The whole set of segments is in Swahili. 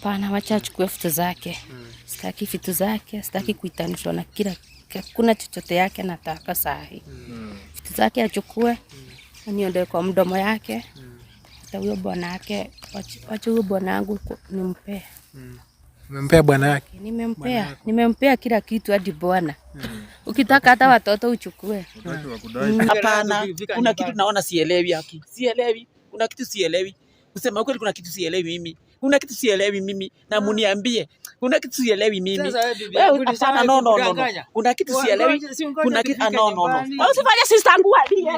Hapana, wacha achukue vitu zake. Sitaki vitu zake, sitaki kuitanishwa na kila kuna chochote yake. Nataka sahi vitu zake achukue, aniondoe kwa mdomo yake. Hata huyo bwana yake, wacha huyo bwana wangu nimpee. Umempea bwana yake? Nimempea, nimempea kila kitu hadi bwana. Ukitaka hata watoto uchukue. Hapana, kuna kitu naona sielewi haki, sielewi. Kuna kitu sielewi, kusema kweli, kuna kitu sielewi mimi kuna kitu sielewi mimi na muniambie. Kuna kitu sielewi mimi. hapana, no no no. Kuna kitu sielewi. Kuna kitu no no no. Wewe usifanye sister yangu alie.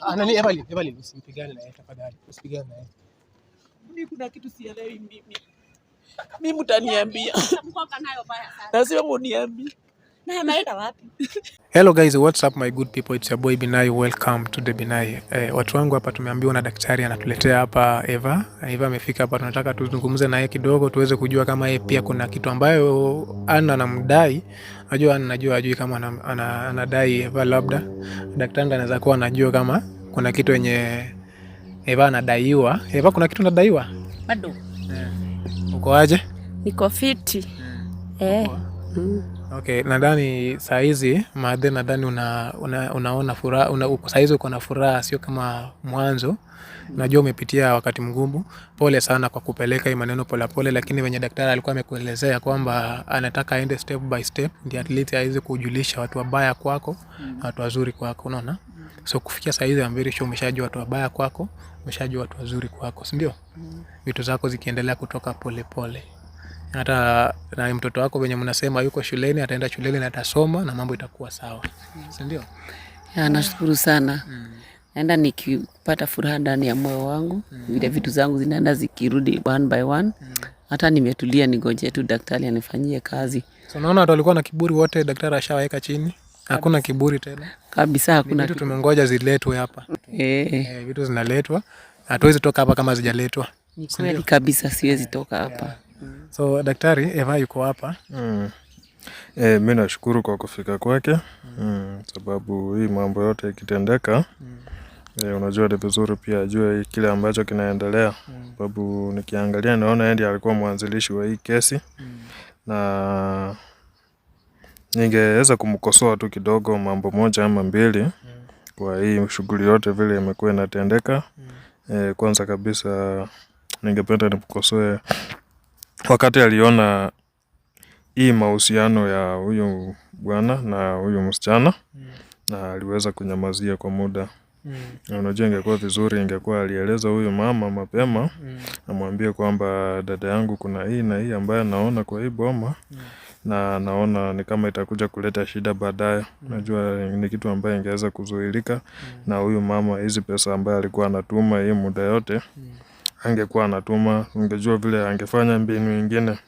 Anani Evelyn, Evelyn usipigane na yeye tafadhali. Usipigane na yeye. Mimi kuna kitu sielewi mimi. Mimi mtaniambia. Nasema muniambie na ameenda wapi? Hello guys, what's up my good people? It's your boy Binai. Welcome to the Binai. Eh, watu wangu hapa tumeambiwa na daktari anatuletea hapa Eva. Eva amefika hapa, tunataka tuzungumze naye kidogo tuweze kujua kama yeye pia kuna kitu ambayo ana anamdai. Najua ana najua ajui kama anam, ana, anadai Eva, labda daktari anaweza kuwa anajua kama kuna kitu yenye Eva anadaiwa. Eva, kuna kitu anadaiwa? Bado. Eh. Uko aje? Niko fiti. Hmm. Eh. Mm. Okay, nadhani saa hizi Madhe, nadhani una, una, unaona furaha una, saa hizi uko na furaha, sio kama mwanzo. Najua umepitia wakati mgumu, pole sana kwa kupeleka hii maneno polepole, lakini venye daktari alikuwa amekuelezea kwamba anataka aende step by step, ndio at least aweze kujulisha watu wabaya kwako na watu wazuri kwako, unaona. So kufikia saa hizi ambirisho, umeshajua watu wabaya kwako, umeshajua watu wazuri kwako, si ndio? Vitu zako zikiendelea kutoka polepole pole hata na mtoto wako venye mnasema yuko shuleni, ataenda shuleni na atasoma na mambo itakuwa sawa, mm. si ndio? Nashukuru sana mm. Naenda nikipata furaha ndani ya moyo wangu mm. Vile vitu zangu zinaenda zikirudi one by one mm. Hata nimetulia nigoje tu daktari anifanyie kazi. So naona watu walikuwa na kiburi wote, daktari ashawaweka chini Hakuna kiburi tena kabisa, hakuna vitu. Tumengoja ziletwe hapa eh, e, vitu zinaletwa, hatuwezi toka hapa kama zijaletwa. Ni kweli kabisa, siwezi eh. toka hapa yeah mm. So daktari Eva yuko hapa mm. E, mi nashukuru kwa kufika kwake mm. mm. sababu hii mambo yote ikitendeka mm. E, unajua ni vizuri pia ajue kile ambacho kinaendelea mm. sababu nikiangalia naona ndi alikuwa mwanzilishi wa hii kesi mm. na ningeweza kumkosoa tu kidogo mambo moja ama mbili mm. kwa hii shughuli yote vile imekuwa inatendeka mm. E, kwanza kabisa ningependa nimkosoe wakati aliona hii mahusiano ya huyu bwana na huyu msichana mm. na aliweza kunyamazia kwa muda mm. Unajua, ingekuwa vizuri ingekuwa alieleza huyu mama mapema mm. amwambie kwamba dada yangu, kuna hii na hii ambaye naona kwa hii boma mm. na naona ni kama itakuja kuleta shida baadaye mm. Najua ni kitu ambaye ingeweza kuzuilika mm. na huyu mama, hizi pesa ambaye alikuwa anatuma hii muda yote mm angekuwa anatuma, ungejua vile angefanya mbinu ingine.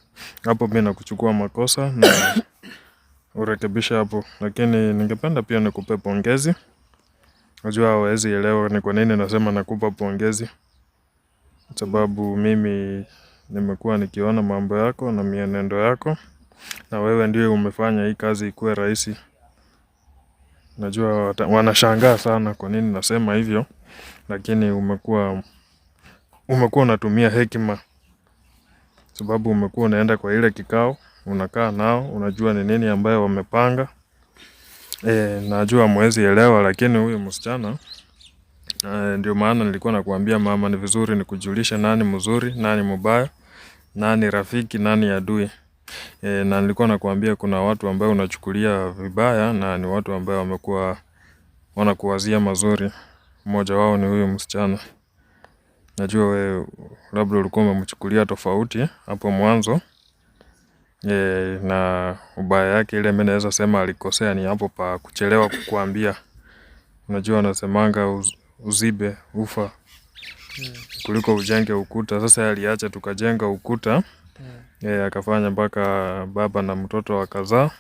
Hapo mi nakuchukua makosa na urekebisha hapo, lakini ningependa pia nikupe pongezi. Najua hawezi elewa ni kwa nini nasema nakupa pongezi, sababu mimi nimekuwa nikiona mambo yako na mienendo yako, na wewe ndio umefanya hii kazi ikuwe rahisi. Najua wanashangaa sana kwa nini nasema hivyo, lakini umekuwa umekuwa unatumia hekima, sababu umekuwa unaenda kwa ile kikao, unakaa nao, unajua ni nini ambayo wamepanga. E, najua mwezi elewa, lakini huyu msichana e, ndio maana nilikuwa nakuambia mama, ni vizuri ni kujulisha nani mzuri, nani mubaya, nani rafiki, nani adui. E, na nilikuwa nakuambia kuna watu ambao unachukulia vibaya na ni watu ambao wamekuwa wanakuwazia mazuri. Mmoja wao ni huyu msichana. Najua we labda ulikuwa umemchukulia tofauti hapo mwanzo e, na ubaya yake ile mi naweza sema alikosea ni hapo pa kuchelewa kukuambia Unajua wanasemanga uzibe ufa kuliko ujenge ukuta Sasa aliacha tukajenga ukuta akafanya mpaka baba na mtoto wakazaa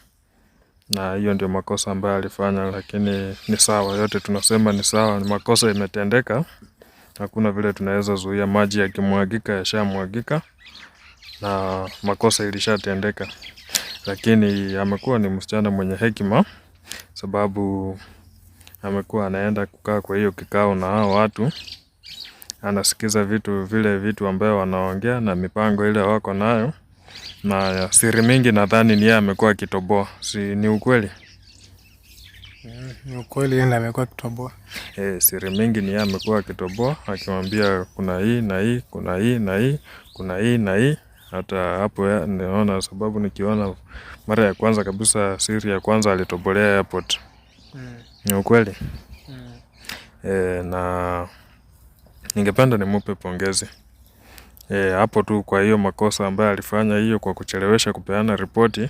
na hiyo ndio makosa ambayo alifanya lakini ni sawa yote tunasema ni sawa ni makosa imetendeka hakuna vile tunaweza zuia, maji yakimwagika yashamwagika na makosa ilishatendeka. Lakini amekuwa ni msichana mwenye hekima, sababu amekuwa anaenda kukaa kwa hiyo kikao na hao watu, anasikiza vitu vile vitu ambayo wanaongea na mipango ile wako nayo, na siri mingi nadhani ni yeye amekuwa akitoboa, si ni ukweli? Ni ukweli yeye amekuwa akitoboa. Eh, siri mingi ni yeye amekuwa akitoboa akimwambia kuna hii na hii, kuna hii na hii, kuna hii na hii. Hata hapo naona sababu nikiona mara ya kwanza kabisa siri ya kwanza alitobolea airport. Mm. Ni ukweli. Mm. E, na ningependa nimupe pongezi eh, hapo tu kwa hiyo makosa ambayo alifanya hiyo kwa kuchelewesha kupeana ripoti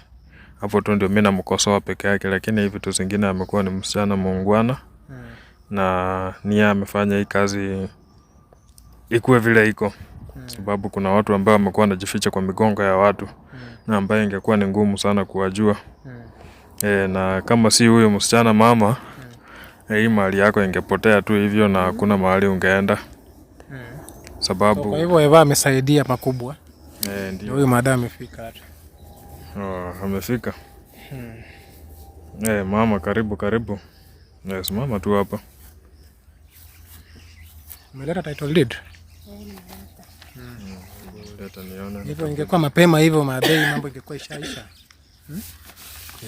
hapo tu ndio mi namkosoa peke yake, lakini hivi vitu zingine amekuwa ni msichana muungwana hmm. na nia amefanya hii kazi ikuwe vile iko hmm. sababu kuna watu ambao wamekuwa wanajificha kwa migongo ya watu hmm. na ambaye ingekuwa ni ngumu sana kuwajua hmm. e, na kama si huyu msichana mama hmm. e, hii mali yako ingepotea tu hivyo na hakuna hmm. mahali ungeenda hmm. sababu so, kwa hivyo Eva amesaidia pakubwa e, ndio huyu madam amefika hata Oh, amefika hmm. Hey, eh, mama, karibu karibu. Yes, mama tu hapa. Umeleta title deed? Umeleta Hivyo ingekuwa mapema hivyo mabei mambo ingekuwa ishaisha. Hmm?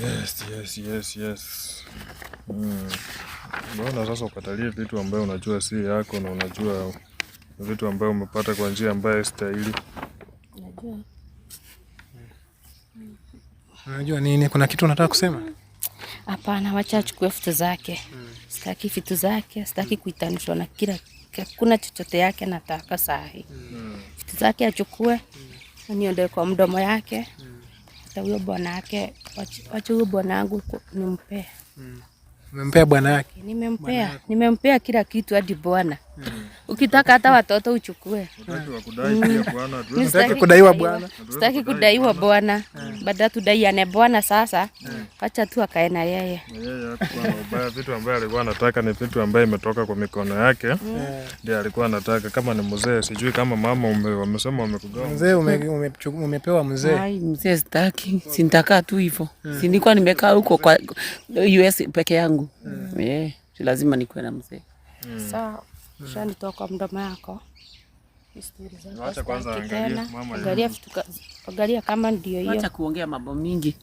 Yes, yes, yes, yes. Hmm. Mbona sasa ukatalie vitu ambayo unajua si yako na unajua vitu ambayo umepata kwa njia ambayo stahili. Najua. Unajua nini, kuna kitu unataka kusema? Hapana, wacha achukue vitu zake. Hmm. Sitaki vitu zake, sitaki kuitanishwa na kila kuna chochote yake nataka sahi. Hmm. Vitu zake achukue, hmm, niondoe kwa mdomo yake. Hmm. Hata huyo bwana yake, wacha huyo bwana wangu nimpee. Hmm. Umempea bwana yake? Nimempea, nimempea kila kitu hadi bwana Mm. Ukitaka hata watoto uchukue. Sitaki mm. kudaiwa bwana, sitaki kudaiwa bwana, baada mm. tudaiane bwana. Sasa acha tu akae na yeye. Vitu ambaye alikuwa anataka ni vitu ambaye imetoka kwa mikono yake, ndio alikuwa anataka. Kama ni mzee, sijui kama mama wamesema wamekugawa mzee, umepewa mzee. Mzee sitaki, sintakaa tu hivyo. Si nilikuwa nimekaa huko kwa US peke yangu, lazima nikuwe na mzee. Sawa. Ushanitoa kwa mdomo yako. Acha kwanza angalia mama, angalia vitu, angalia kama ndio hiyo. Acha kuongea mambo mingi,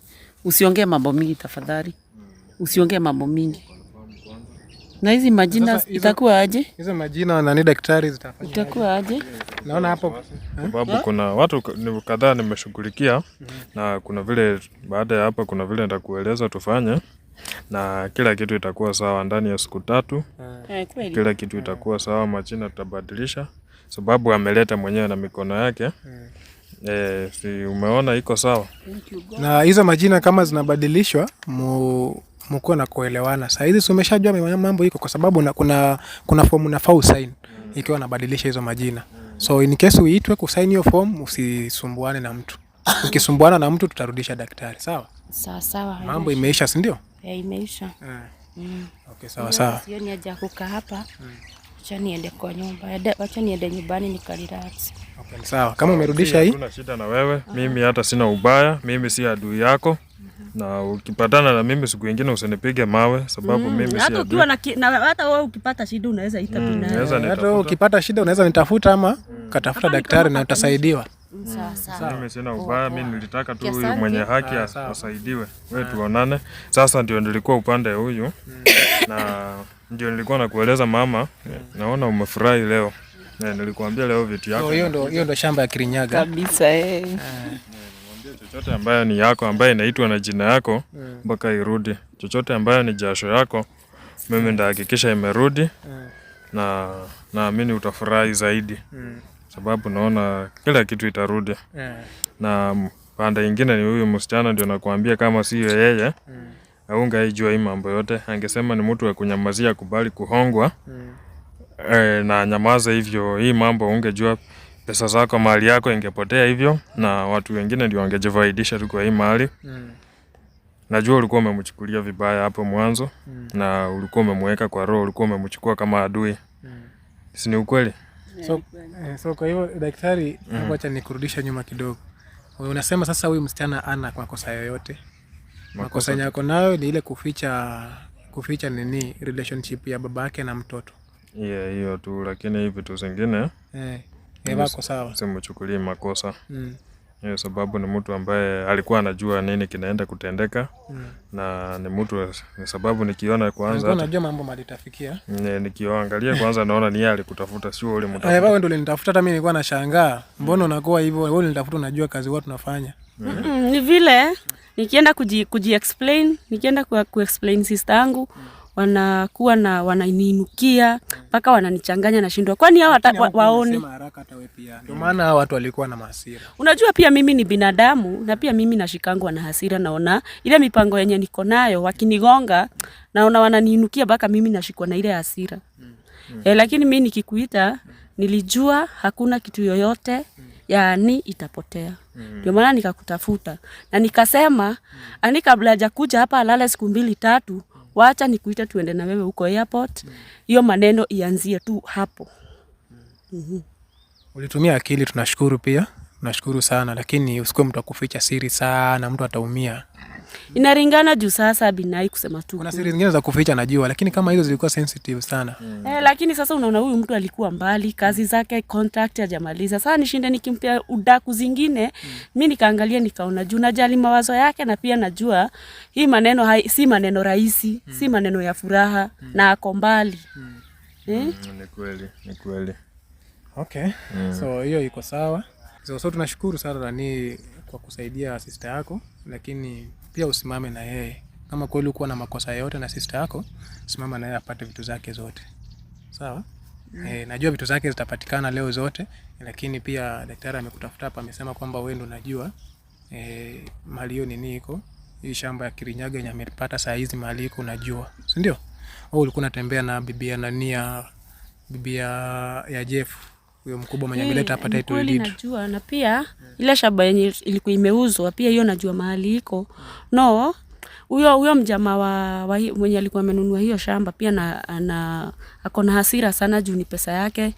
usiongee mambo mingi tafadhali, usiongee mambo mingi. Na hizi majina itakuwa aje? Hizo majina na ni daktari zitafanya itakuwa aje? Naona hapo sababu kuna watu ni kadhaa nimeshughulikia, na kuna vile baada ya hapa, kuna vile nitakueleza tufanye na kila kitu itakuwa sawa ndani ya siku tatu. Yeah, eh, kila kitu itakuwa eh. sawa. majina tutabadilisha sababu ameleta mwenyewe na mikono yake. Yeah. E, eh, si umeona iko sawa. Na hizo majina kama zinabadilishwa mu mkuwa na kuelewana. Saa hizi umeshajua mambo iko kwa sababu na, kuna, kuna fomu nafaa usaini ikiwa anabadilisha hizo majina, so in case uitwe kusaini hiyo fomu, usisumbuane na mtu. Ukisumbuana na mtu tutarudisha daktari. Sawa sawa, mambo imeisha, si ndio? ya imeisha. Mm. Mm. Okay, sawa sawa. ni haja kukaa hapa. Mm. Acha niende kwa nyumba. Acha niende nyumbani nikarelax. Okay, sawa. Kama umerudisha hii. Kuna shida na wewe. Mimi hata sina ubaya. Mimi si adui yako. Na ukipatana na mimi siku nyingine usinipige mawe sababu mm. mimi si adui. Hata wewe ukipata shida unaweza ita. Mm, hata ukipata shida unaweza nitafuta ama mm. katafuta daktari na utasaidiwa. Mm, mm. Mimi sina ubaya, mi nilitaka tu huyu mwenye haki asaidiwe, we mm. tuonane. Sasa ndio nilikuwa upande huyu na ndio nilikuwa nakueleza mama, naona umefurahi leo. Eh, nilikuambia leo vitu yako, hiyo ndo shamba ya Kirinyaga kabisa eh. eh. eh chochote ambayo ni yako ambayo inaitwa na jina yako mpaka irudi. Chochote ambayo ni jasho yako, mimi ndahakikisha imerudi, na naamini utafurahi zaidi sababu naona kila kitu itarudi yeah. na pande ingine ni huyu msichana ndio nakuambia, kama siyo yeye mm. aunga aungaijua hii mambo yote, angesema ni mtu wa kunyamazia, kubali kuhongwa mm. e, na nyamaza hivyo, hii mambo ungejua pesa zako mali yako ingepotea hivyo, na watu wengine ndio wangejifaidisha tu kwa hii mali mm. Najua ulikuwa umemchukulia vibaya hapo mwanzo mm. na ulikuwa umemweka kwa roho, ulikuwa umemchukua kama adui mm. si ni ukweli? so, eh, so kwa hivyo daktari, mm. Mm-hmm. wacha nikurudisha nyuma kidogo. Unasema sasa huyu msichana ana makosa yoyote? Makosa yenye ako nayo ni ile kuficha kuficha nini relationship ya baba yake na mtoto. Yeah, hiyo tu, lakini hivi tu zingine eh, eh, wako sawa, simuchukulie makosa mm hiyo sababu ni mtu ambaye alikuwa anajua nini kinaenda kutendeka mm. na ni mtu ni sababu nikiona kwanza unajua mambo malitafikia ne, nikiangalia kwanza naona ni yeye alikutafuta sio yule mtu wewe eh, ndio ulinitafuta hata mimi nilikuwa nashangaa mbona mm. unakuwa hivyo wewe ulinitafuta unajua kazi watu tunafanya mm. mm -mm, ni vile nikienda kuji, kuji explain nikienda ku explain sister yangu mm wanakuwa na wananiinukia mpaka wananichanganya, nashindwa kwani hawa wa, waone. Ndio maana hawa watu walikuwa na hasira. Unajua pia mimi ni binadamu na pia mimi nashikangwa na hasira, naona ile mipango yenye niko nayo wakinigonga, naona wananiinukia mpaka mimi nashikwa na ile hasira mm. Mm. E, lakini mimi nikikuita nilijua hakuna kitu yoyote mm. yaani itapotea mm. ndio mm. maana nikakutafuta na nikasema mm. ani kabla hajakuja hapa alale siku mbili tatu mm wacha nikuita tuende na wewe huko airport. Hiyo maneno ianzie tu hapo. mm -hmm. Ulitumia akili, tunashukuru pia, tunashukuru sana, lakini usikuwe mtu akuficha siri sana, mtu ataumia. Mm-hmm. inaringana juu sasa Binai kusema tu. Kuna siri zingine za kuficha najua, lakini kama hizo zilikuwa sensitive sana. Mm. Eh, lakini sasa unaona huyu mtu alikuwa mbali, kazi mm. zake contract hajamaliza. Sasa nishinde nikimpia udaku zingine. Mm. Mimi nikaangalia nikaona juu najali mawazo yake na pia najua hii maneno hai, si maneno rahisi, mm. si maneno ya furaha mm. na ako mbali. Mm. Eh? Mm, ni kweli, ni kweli. Okay. Mm. So hiyo iko sawa. So, so tunashukuru sana nani kwa kusaidia sister yako lakini pia usimame na yeye. Kama kweli uko na makosa yote na sister yako, simama na yeye apate vitu zake zote. Sawa? Mm. E, najua vitu zake zitapatikana leo zote, lakini pia daktari amekutafuta hapa, amesema kwamba wewe ndo unajua e, eh, mali hiyo nini iko hii shamba ya Kirinyaga yenye amepata saa hizi mali iko, unajua si ndio? Au ulikuwa unatembea na bibia nania bibia ya Jeff huyo mkubwa mwenye ameleta hapa title deed. Najua na pia ile shamba yenye ilikuwa imeuzwa pia hiyo najua mahali iko. No, huyo huyo mjamaa wa, wa mwenye alikuwa amenunua hiyo shamba pia na, na ako na hasira sana juu ni pesa yake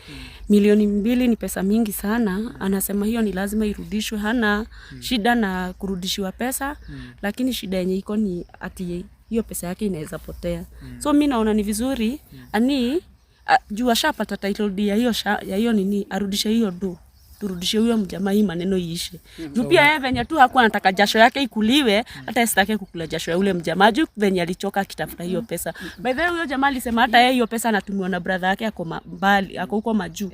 milioni mbili ni pesa mingi sana. Anasema hiyo ni lazima irudishwe, hana shida na kurudishiwa pesa, lakini shida yenye iko ni ati hiyo pesa yake inaweza potea. So naona ni vizuri Ah, juu ashapata title deed ya hiyo ya hiyo nini, arudishe hiyo do turudishe huyo mjamaa, hii maneno iishe. Mm-hmm. Juu pia yeye venye tu hakuwa anataka jasho yake ikuliwe, hata asitake kukula jasho ya ule mjamaa, juu venye alichoka akitafuta hiyo pesa. Mm-hmm. By the way, huyo jamaa alisema hata yeye hiyo pesa anatumiwa na brother yake, ako mbali, ako huko majuu,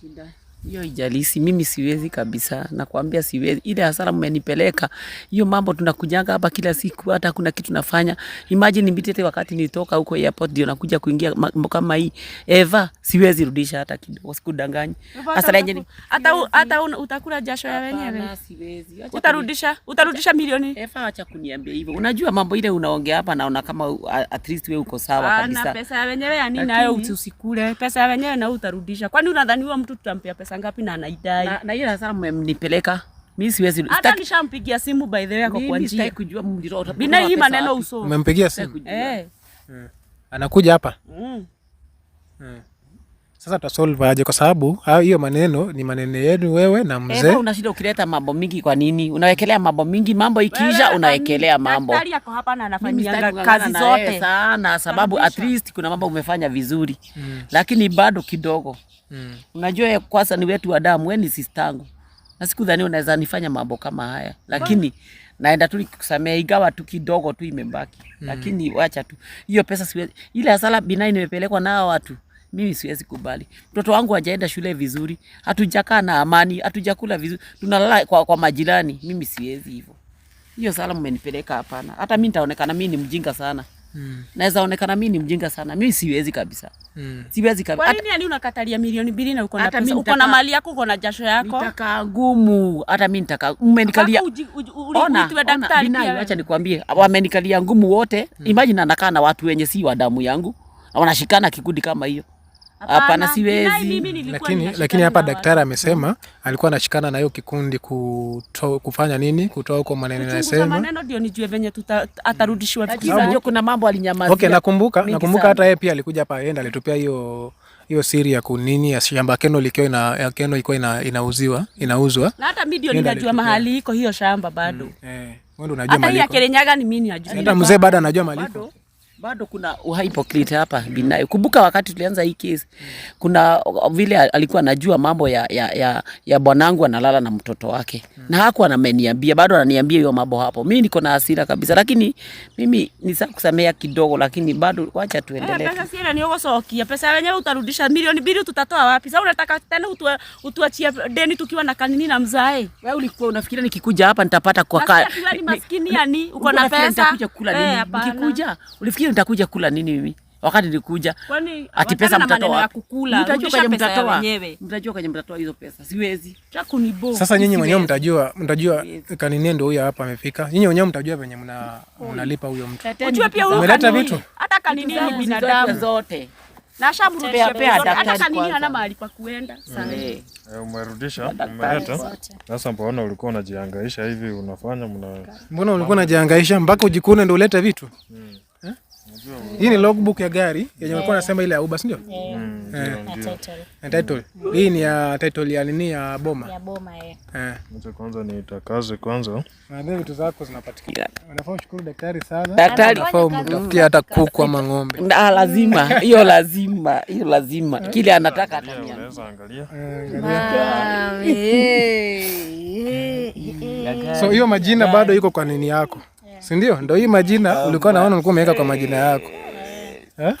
shida hiyo ijalisi, mimi siwezi kabisa, nakwambia siwezi. Ile hasara mmenipeleka hiyo mambo, tunakujanga hapa kila siku, hata kuna kitu nafanya. Imagine mbitete, wakati nitoka huko airport ndio nakuja kuingia mambo kama hii. Eva, siwezi rudisha hata kidogo, sikudanganyi. Hasara yenyewe hata hata utakula jasho ya wenyewe. Hapana, siwezi. Utarudisha utarudisha milioni. Eva, acha kuniambia hivyo. Unajua mambo ile unaongea hapa, naona kama at least wewe uko sawa kabisa. Na pesa ya wenyewe ya nini nayo usikule? Pesa ya wenyewe na utarudisha. Kwani unadhani huyo mtu tutampea pesa pesa ngapi na anaidai. Na, na hiyo hasara mmemnipeleka. Mimi siwezi. Hata nishampigia simu by the way kwa kwa njia. Mimi Sitaki kujua mliro. Bina hii maneno uso. Umempigia simu? Eh. Hmm. Anakuja hapa? Mm. Mm. Sasa tutasolve aje? Kwa sababu ah, hiyo maneno ni maneno yenu wewe na eh, mzee. Eh, una shida ukileta mambo mingi, kwa nini unawekelea mambo mingi? Mambo ikiisha unawekelea mambo. Daktari yako hapa na anafanyia kazi zote sana, sababu at least kuna mambo umefanya vizuri, hmm. lakini bado kidogo Mm. Unajua ya kwanza ni wetu wa damu, wewe ni sistangu. Na siku dhani unaweza nifanya mambo kama haya. Lakini wow. Naenda tu nikusamea ingawa tu kidogo tu imebaki. Mm. Lakini wacha tu. Hiyo pesa siwezi. Ile hasara binai nimepelekwa nao watu. Mimi siwezi kubali. Mtoto wangu hajaenda shule vizuri, hatujakaa na amani, hatujakula vizuri, tunalala kwa, kwa majirani. Mimi siwezi hivyo. Hiyo sala mmenipeleka hapana. Hata mimi nitaonekana mimi ni mjinga sana. Mm. Naweza onekana mimi ni mjinga sana. Mimi siwezi kabisa. Mm. Siwezi kabisa. Kwa nini yani unakatalia milioni mbili na uko na pesa? Uko na mali yako, uko na jasho yako. Nitaka ngumu. Hata mimi nitaka. umenikalia. Ona, daktari pia. Acha nikwambie, wamenikalia ngumu wote. Mm. Imagine anakaa na watu wenye si wa damu yangu. Wanashikana kikundi kama hiyo. Hapana, siwezi. Lakini lakini hapa daktari amesema alikuwa anashikana na hiyo kikundi kuto, kufanya nini kutoa huko maneno yanasema maneno ndio nijue venye atarudishwa. Unajua kuna mambo alinyamazia. Okay, nakumbuka nakumbuka hata yeye pia alikuja hapa aenda alitupia hiyo hiyo siri ya kunini ya shamba Keno likiwa ina ya Keno iko ina, inauziwa inauzwa, na hata mimi ndio ninajua mahali iko hiyo shamba bado. Mm, eh, wewe ndio unajua mahali. Hata ya Kirinyaga ni mimi najua. Hata mzee bado anajua mahali. maliko bado kuna uhypocrite hapa Binayo. Kumbuka wakati tulianza hii kesi, kuna vile alikuwa anajua mambo ya, ya, ya, ya bwanangu analala na mtoto wake hmm. na hakuwa ananiambia, bado ananiambia hiyo mambo hapo. Mimi niko na hasira kabisa, lakini mimi nisa kusamea kidogo, lakini bado wacha tuendelee. Eh, pesa sasa ni ugosokia pesa wenyewe utarudisha milioni mbili, tutatoa wapi sasa? Unataka tena utu, utuachie deni tukiwa na kanini na mzae? Wewe ulikuwa unafikiria nikikuja hapa nitapata kwa Ni Maskini yani uko na pesa nitakuja kula eh, nini? Nikikuja ulifikiria nitakuja kula nini mimi? Wakati nilikuja ati pesa mtatoa wapi? Mtajua kwenye mtatoa, mtajua kwenye mtatoa hizo pesa, siwezi. Sasa nyinyi wenyewe mtajua, mtajua kanini ndio huyo hapa amefika. Nyinyi wenyewe mtajua venye mnalipa huyo mtu. Unajua pia huyo ameleta vitu, hata kanini ni binadamu zote na daktari, hata mahali pa kuenda. Mm. Eh, eh, umerudisha, umeleta. Sasa mbona ulikuwa unajihangaisha hivi unafanya? Mbona ulikuwa unajihangaisha mpaka ujikune ndio ulete vitu? Mm. Hii ni logbook ya gari yenye walikuwa nasema ile ya Uber, si ndio? Mm, eh. Na title. Mm. Hii ni ya title ya nini ya boma? Ya boma eh. Eh. Kwanza ni itakaze kwanza. Na ndio vitu zako zinapatikana. Unafaa kushukuru daktari sana. Daktari anafaa mtafutie hata kuku ama ng'ombe. Ah, lazima. Hiyo lazima. Hiyo lazima. Eh. Kile anataka ataniambia. Eh, so hiyo majina bado iko kwa nini yako? si ndio? Ndio hii majina ah, ulikuwa naona ulikuwa umeweka kwa majina yako eh? Eh?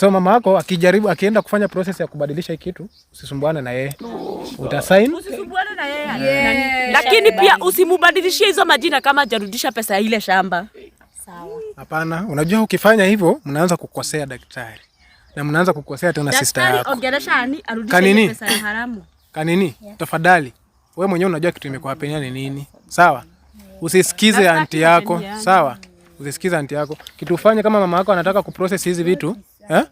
So mama yako akijaribu akienda kufanya process ya kubadilisha hii kitu, usisumbuane na yeye, utasaini lakini pia usimubadilishie hizo majina kama jarudisha pesa ya ile shamba. Hapana, unajua ukifanya hivyo mnaanza kukosea daktari na mnaanza kukosea tena sista yako. Kanini? Kanini? Tafadhali wewe mwenyewe unajua kitu imekuwa penya ni nini, sawa? Usisikize anti yako, sawa? Usisikize anti yako. Kitu kama mama yako anataka kuprocess hizi vitu, eh?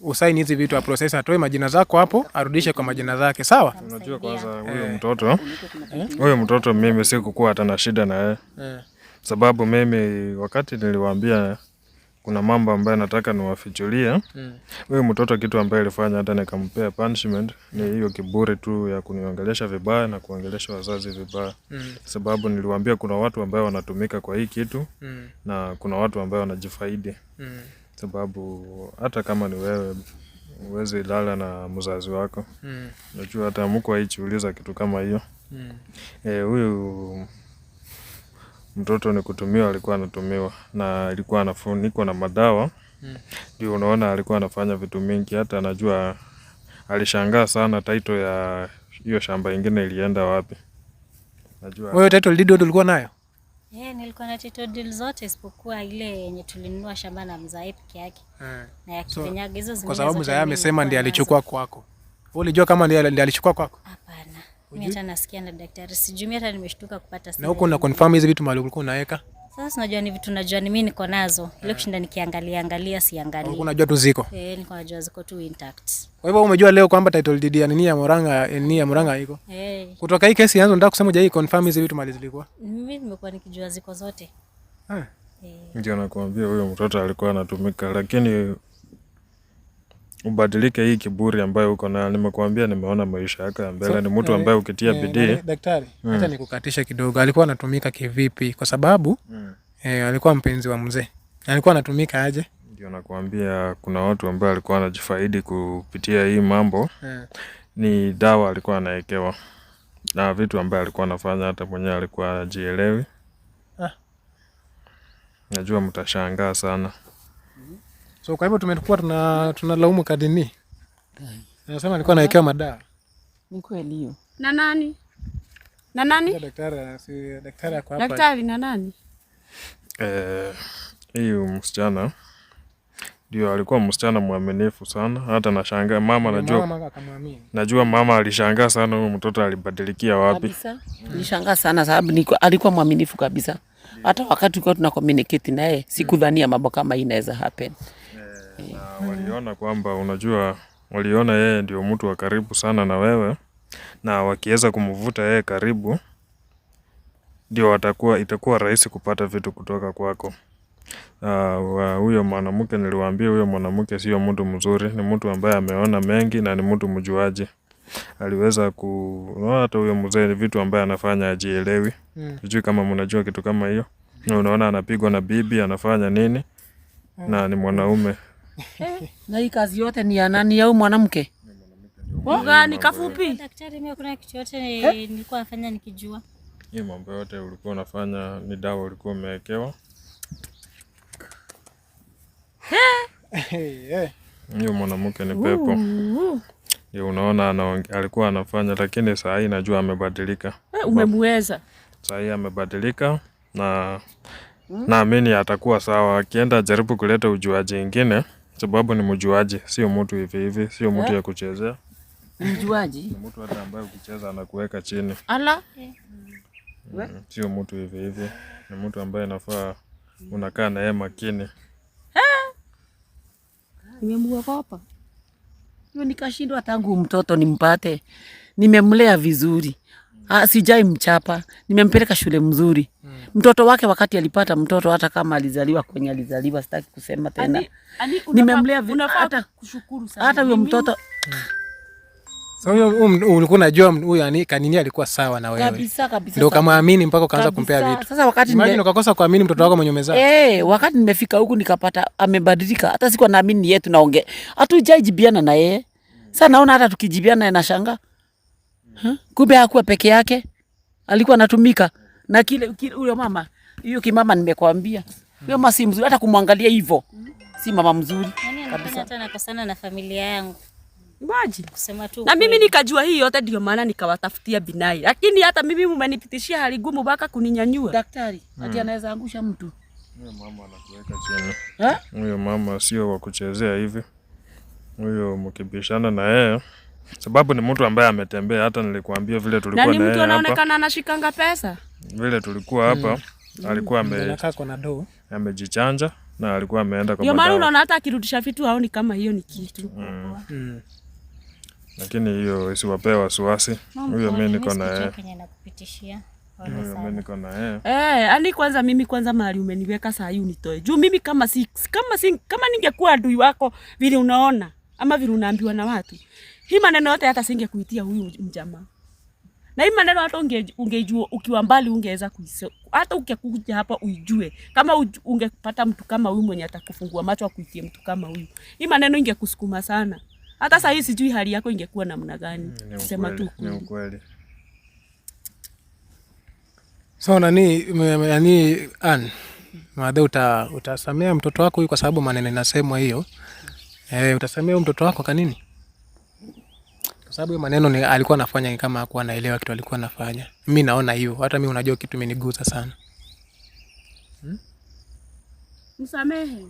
Usaini hizi vitu aprocess, atoe majina zako hapo, arudishe kwa majina zake, sawa? Unajua kwanza huyo eh. mtoto eh? huyo mtoto mimi sikukuwa hata na shida na yeye, eh. sababu mimi wakati niliwaambia kuna mambo ambayo nataka niwafichulie hmm. huyu mm. mtoto kitu ambaye alifanya hata nikampea punishment ni hiyo kiburi tu ya kuniongelesha vibaya na kuongelesha wazazi vibaya mm. sababu niliwaambia kuna watu ambao wanatumika kwa hii kitu mm. na kuna watu ambao wanajifaidi mm. sababu hata kama ni wewe uwezi lala na mzazi wako mm. najua hata mko aichiuliza kitu kama hiyo mm. huyu e, mtoto ni kutumiwa alikuwa anatumiwa na alikuwa anafunikwa na madawa hmm. ndio. Mm. Unaona alikuwa anafanya vitu mingi, hata anajua alishangaa sana title ya hiyo shamba ingine ilienda wapi. Najua wewe title deed ndio ulikuwa nayo? Eh, Yeah, nilikuwa na title deed zote isipokuwa ile yenye tulinunua shamba na mzae peke yake. Yeah. Hmm. Na ya Kivenyaga hizo zingine. kwa sababu mzae amesema ndiye alichukua kwako. Wewe ulijua kama ndiye alichukua kwako? Hapana. Mimi hata nasikia na daktari. Sijui mimi hata nimeshtuka kupata sasa. Na huko una confirm hizi vitu mali ulikuwa unaweka? Sasa unajua ni vitu najua ni mimi niko nazo. Ile kushinda nikiangalia angalia siangalia. Huko unajua tu ziko. Eh, niko najua ziko tu intact. Kwa hivyo umejua leo kwamba title deed ya nini ya Murang'a, ni ya Murang'a iko. Eh. Kutoka hii kesi yanzo nataka kusema je, hii confirm hizi vitu mali zilikuwa? Mimi nimekuwa nikijua ziko zote. Ah. Eh. Ndio nakwambia huyo mtoto alikuwa anatumika lakini ubadilike hii kiburi ambayo uko nayo. Nimekuambia, nimeona maisha yako ya mbele. So, ni mtu ambaye ukitia eh, bidii daktari mm. Hata nikukatisha kidogo, alikuwa anatumika kivipi? Kwa sababu mm. eh, alikuwa mpenzi wa mzee, alikuwa anatumika aje? Ndio nakuambia, kuna watu ambao alikuwa anajifaidi kupitia hii mambo eh. Ni dawa alikuwa anaekewa na vitu ambayo alikuwa anafanya, hata mwenyewe alikuwa anajielewi ah. Najua mtashangaa sana So kwa hivyo tumekuwa tuna tunalaumu Kadini. Anasema alikuwa anawekewa madawa. Ni kweli hiyo. Na nani? Na nani? Daktari, si daktari ako hapa. Daktari na nani? Eh, hiyo msichana ndio alikuwa msichana mwaminifu sana, hata nashangaa mama, najua mama, najua mama alishangaa sana huyu mtoto alibadilikia wapi kabisa. Nilishangaa sana sababu alikuwa mwaminifu kabisa, hata wakati tulikuwa tuna communicate naye sikudhania mambo kama hii inaweza happen. Eh. na waliona kwamba unajua, waliona yeye ndio mtu wa karibu sana na wewe, na wakiweza kumvuta yeye karibu, ndio watakuwa, itakuwa rahisi kupata vitu kutoka kwako. Uh, huyo mwanamke niliwaambia, huyo mwanamke sio mtu mzuri, ni mtu ambaye ameona mengi na ni mtu mjuaji. Aliweza ku hata huyo mzee ni vitu ambaye anafanya ajielewi. Mm. Sijui kama mnajua kitu kama hiyo. Na unaona anapigwa na bibi anafanya nini? Mm. Na ni mwanaume. Eh. na hii kazi yote ni ya nani? Au mwanamke gani? Kafupi daktari, mimi kuna kitu yote eh? nilikuwa nafanya nikijua hiyo mambo yote ulikuwa unafanya, ni dawa ulikuwa umewekewa hiyo eh. mwanamke ni pepo Ye, unaona ana, alikuwa anafanya, lakini saa hii najua amebadilika. Umemweza saa hii amebadilika na naamini atakuwa sawa, akienda jaribu kuleta ujuaji ingine sababu ni mjuaji, sio mtu hivi hivi, sio mtu eh? ya kuchezea. Mjuaji ni mtu hata ambaye ukicheza anakuweka chini. Ala, mm, mm, sio mtu hivi hivi, ni mtu ambaye nafaa unakaa naye makini. Nimemuogopa hiyo, nikashindwa tangu mtoto nimpate, nimemlea vizuri Ah, sijai mchapa. Nimempeleka shule mzuri. Hmm. Mtoto wake wakati alipata mtoto hata kama alizaliwa kwenye alizaliwa sitaki kusema tena. Nimemlea vizuri hata kushukuru sana. Hata huyo mtoto hmm. So huyo ulikuwa unajua huyo yani kanini alikuwa sawa na wewe. Kabisa kabisa. Ndio kamaamini mpaka kaanza kumpea vitu. Sasa wakati nime Imagine ukakosa kuamini mtoto wako mwenye umezaa. Eh, wakati nimefika huku nikapata amebadilika. Hata sikuwa naamini yetu naongea. Hatujajibiana na yeye. Sasa naona hata tukijibiana nashangaa. Kumbe hakuwa peke yake, alikuwa anatumika na kile, huyo mama hiyo kimama nimekwambia huyo mama si mzuri hata kumwangalia hivyo. Si mama mzuri yaani kabisa. Hata nakosana na familia yangu. Mbaji. Kusema tu. Na mimi nikajua hii yote ndio maana nikawatafutia Binai. Lakini hata mimi mmenipitishia hali ngumu mpaka kuninyanyua. Daktari, hmm. Ati anaweza angusha mtu. Huyo mama anakuweka chini. Eh? Huyo mama sio wa kuchezea hivi. Huyo mkibishana na yeye sababu ni mtu ambaye ametembea. Hata nilikuambia vile tulikuwa na yeye hapa, anaonekana anashikanga pesa vile tulikuwa hapa mm. alikuwa ame, amejichanja na alikuwa ameenda kwa maana, unaona hata akirudisha vitu haoni kama hiyo ni kitu mm. Mm. Lakini hiyo isiwapee wasiwasi, huyo mimi yaani niko na yeye eh, ani kwanza mimi kwanza mahali umeniweka saa hii unitoe juu mimi kama si, kama, si, kama ningekuwa adui wako vile unaona ama vile unaambiwa na watu hii maneno yote hata singe kuitia huyu mjamaa. Na hii maneno hata unge, ungejua ukiwa mbali ungeweza kuisema. Hata ukikuja hapa uijue. Kama ungepata mtu kama huyu mwenye atakufungua macho akuitie mtu kama huyu. Hii maneno ingekusukuma sana. Hata sasa hii sijui hali yako ingekuwa namna gani. Mm, Sema tu kweli. So nani yani an madhe uta, utasamea mtoto wako huyu kwa sababu maneno inasemwa hiyo. Eh, utasamea mtoto wako kanini? Kwa sababu maneno ni alikuwa anafanya kama akuwa anaelewa kitu alikuwa anafanya. mi naona hiyo, hata mi unajua kitu imenigusa sana. Hmm? Msamehe.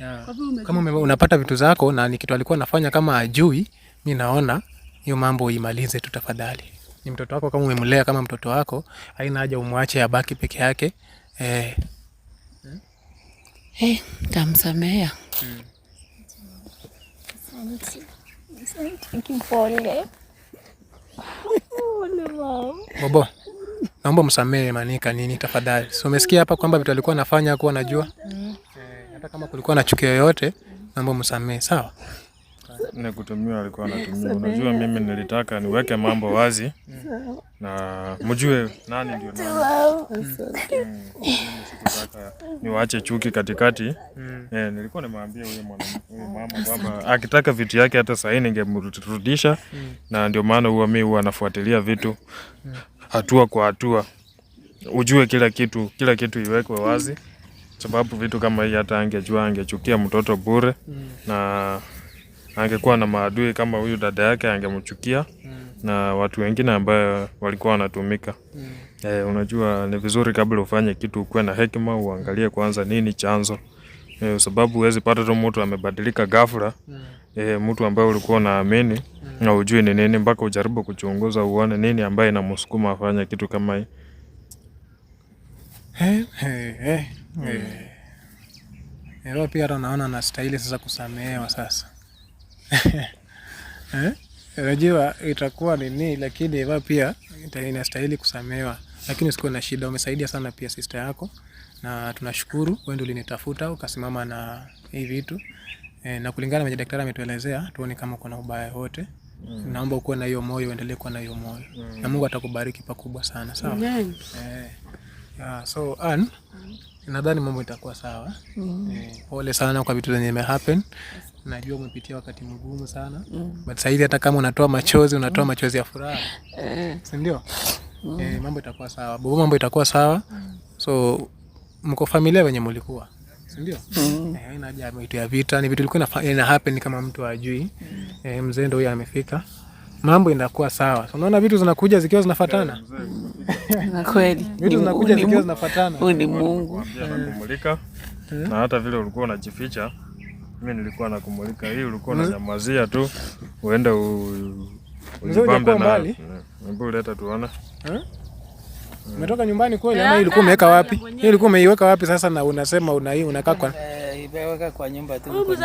Yeah. Kama ume, unapata vitu zako na ni kitu alikuwa anafanya kama ajui, mi naona hiyo mambo imalize tu tafadhali. Ni mtoto wako, kama umemlea kama mtoto wako, haina haja umwache abaki ya peke yake eh. Hey, tamsamea. Hmm. Eh, Bobo, naomba msamehe Manika nini tafadhali. So umesikia hapa kwamba vitu alikuwa anafanya kuwa najua, mm. eh, hata kama kulikuwa na chuki yoyote, naomba msamehe, sawa? ni kutumia alikuwa anatumia. Unajua, mimi nilitaka niweke mambo wazi na mjue nani ndio nani. Sikutaka niwache chuki katikati. Hmm. Eh, nilikuwa nimwambia huyo mama kwamba akitaka vitu yake hata sahii ningemrudisha, hmm. na ndio maana huwa mimi huwa nafuatilia vitu hmm. hatua kwa hatua, ujue kila kitu, kila kitu iwekwe wazi, sababu vitu kama hii hata angejua angechukia mtoto bure na angekuwa na maadui kama huyu dada yake angemchukia mm. na watu wengine ambayo walikuwa wanatumika. Mm. E, unajua ni vizuri kabla ufanye kitu ukuwe na hekima, uangalie kwanza nini chanzo. E, sababu huwezi pata tu mtu amebadilika ghafla. Mm. E, mtu ambaye ulikuwa unaamini mm. na ujui ni nini mpaka ujaribu kuchunguza uone nini ambaye inamsukuma afanye kitu kama hii. Hey, hey, hey. Mm. Hey. Pia hata naona nastahili sasa kusamehewa sasa. eh? Unajua itakuwa nini, lakini wewe pia inastahili kusamewa, lakini usikuwe na shida. Umesaidia sana pia sister yako, na tunashukuru wewe ndio ulinitafuta ukasimama na hii vitu eh, na kulingana na daktari ametuelezea, tuone kama kuna ubaya wote Mm. Naomba ukuwe na hiyo moyo, uendelee kuwa na hiyo moyo mm. na Mungu atakubariki pakubwa sana, sawa eh, yeah, so an mm. nadhani mambo itakuwa sawa mm. eh, pole sana kwa vitu zenye imehappen najua umepitia wakati mgumu sana mm. but sahizi hata kama unatoa machozi unatoa mm. machozi ya furaha eh. sindio mm. eh, mambo itakuwa sawa bobo mambo itakuwa sawa mm. so mko familia wenye mulikuwa si mm. eh, naja ya vita ni vitu ilikuwa ina happen kama mtu ajui mm. eh, mzee ndo huyo amefika mambo inakuwa sawa. so, Unaona vitu zinakuja zikiwa zinafatana, eh, kweli vitu zinakuja zikiwa zinafatana. Huu ni Mungu eh. na hata vile ulikuwa unajificha mimi nilikuwa nakumulika hii, ulikuwa hmm? unanyamazia tu uende ujipambe na hebu uleta tuone. Hmm? Hmm. Umetoka nyumbani kweli ama yaani ilikuwa umeweka wapi? Hii yaani ilikuwa umeiweka wapi sasa na unasema una hii unakaa kwa? Eh, kwa nyumba tu.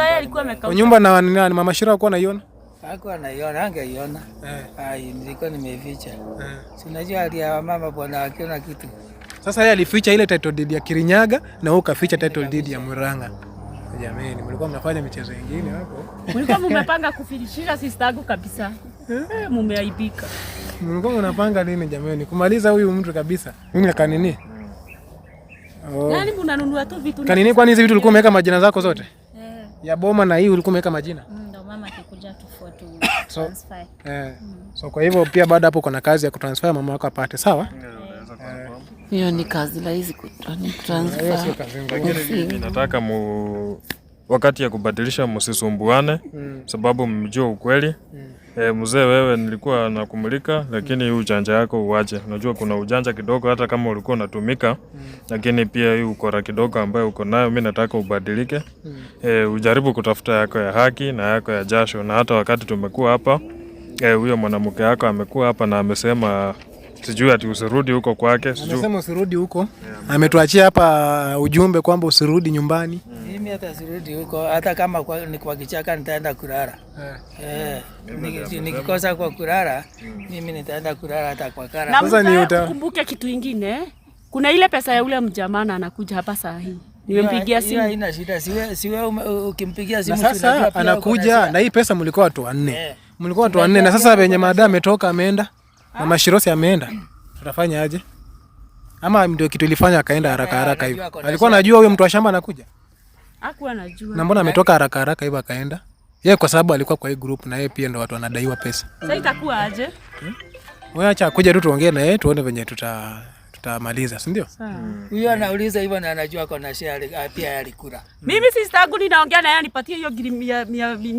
Nyumba na na mama Shira alikuwa anaiona. Hakuwa anaiona, angeiona. Eh. Ai, nilikuwa nimeficha. Eh. Si unajua hali ya mama bwana akiona kitu. Sasa yeye alificha ile title deed ya Kirinyaga na wewe ukaficha title deed ya Murang'a. Jamani, mlikuwa mnafanya michezo mingine hapo? Mlikuwa mmepanga kufilishisha sister yangu kabisa. Eh, eh mmeaibika. Mlikuwa mnapanga nini jamani? Kumaliza huyu mtu kabisa. Mimi kanini? Oh. Nani mnanunua tu vitu. Kanini kwani hizi vitu ulikuwa umeweka majina zako zote? Eh. Ya boma na hii ulikuwa umeweka majina? Mm, ndio mama akikuja tu for to transfer. Eh. Mm. So kwa hivyo pia baada hapo kuna kazi ya kutransfer mama wako apate, sawa? Ndio hiyo ni kazi rahisi nataka mu wakati ya kubadilisha msisumbuane, mm. sababu mmjua ukweli mm. E, mzee wewe, nilikuwa nakumulika lakini mm. ujanja yako uwache. Unajua kuna ujanja kidogo, hata kama ulikuwa unatumika mm. lakini pia hii ukora kidogo ambayo uko nayo, mi nataka ubadilike mm. E, ujaribu kutafuta yako ya haki na yako ya jasho, na hata wakati tumekuwa hapa eh, huyo e, mwanamke yako amekuwa hapa na amesema sijui ati usirudi huko kwake, sijui anasema usirudi huko yeah. Ametuachia hapa uh, ujumbe kwamba usirudi nyumbani. yeah. Mimi hata sirudi huko, hata kama kwa, ni kwa kichaka nitaenda kurara yeah. yeah. Nikikosa kwa kulala mm. mimi nitaenda kurara hata kwa kara. Sasa ni ukumbuke kitu ingine, kuna ile pesa ya ule mjamana anakuja hapa saa hii Nimempigia simu. Haina shida. Siwe siwe ukimpigia simu. Sasa anakuja na hii pesa mlikuwa watu wanne. Eh. Mlikuwa watu wanne na sasa venye maada ametoka ameenda Mama Shirosi ameenda, tutafanya aje? Ama ndio kitu ilifanya akaenda haraka haraka hivyo? Alikuwa anajua huyo mtu wa shamba anakuja? Hakuwa anajua. Na mbona yaani ametoka haraka haraka hivyo akaenda? Yeye kwa sababu alikuwa kwa hii group na yeye pia ndo watu wanadaiwa pesa. Sasa itakuwa aje? Wewe acha kuja tu tuongee na yeye tuone venye tuta tutamaliza, si ndio? Mm. Huyo mm. anauliza hivyo na anajua kona share ah, pia yalikula. Mm. Mimi sister yangu ninaongea na yeye hiyo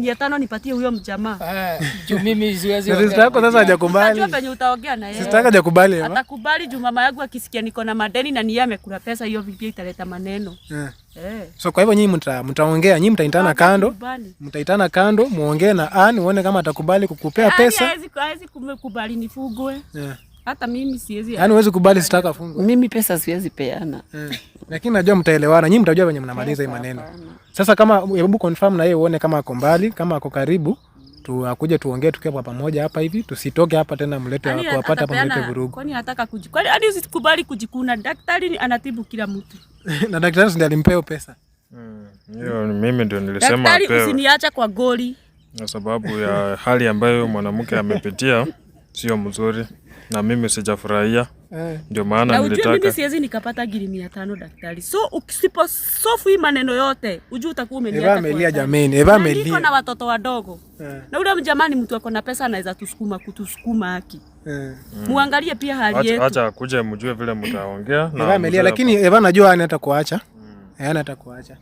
mia tano nipatie huyo mjamaa. Eh, juu mimi siwezi. sasa hajakubali. utaongea na yeye. hajakubali. Atakubali juu mama yangu akisikia niko na madeni na amekula pesa hiyo vipi italeta maneno. Eh. eh. So kwa hivyo nyinyi mtaongea, nyinyi mtaitana kando, mtaitana kando muongee na Ann uone kama atakubali kukupea pesa. Hawezi kukubali nifugwe. Eh. Hata mimi siwezi. Yaani huwezi kubali sitaka funga. Mimi pesa siwezi peana. Mm. Lakini najua mtaelewana, nyinyi mtajua venye mnamaliza hii maneno. Sasa kama hebu confirm na yeye uone kama ako mbali, kama ako karibu, tu akuje tuongee tukiwa kwa pamoja hapa hivi, tusitoke hapa tena mlete yaani kuwapata hapa mlete vurugu. Kwani nataka kuji. Kwani hadi usikubali kujikuna, daktari anatibu kila mtu. Na daktari ndiye alimpea pesa. Mm. Yo, mimi ndio nilisema daktari Usiniacha kwa goli. Kwa sababu ya hali ambayo mwanamke amepitia sio mzuri na mimi sijafurahia eh. Ndio maana nilitaka mimi siwezi nikapata giri mia tano daktari, so sofu hii maneno yote ujue utakuwa umelia umelia. Jamani, Eva amelia, na watoto wadogo eh. Na ule mjamani, mtu ako na pesa anaweza tusukuma kutusukuma haki eh. Muangalie pia hali yetu, acha akuje mjue vile mtaongea na Eva amelia, lakini Eva najua anataka hata kuacha, mm. Eh, anataka kuacha.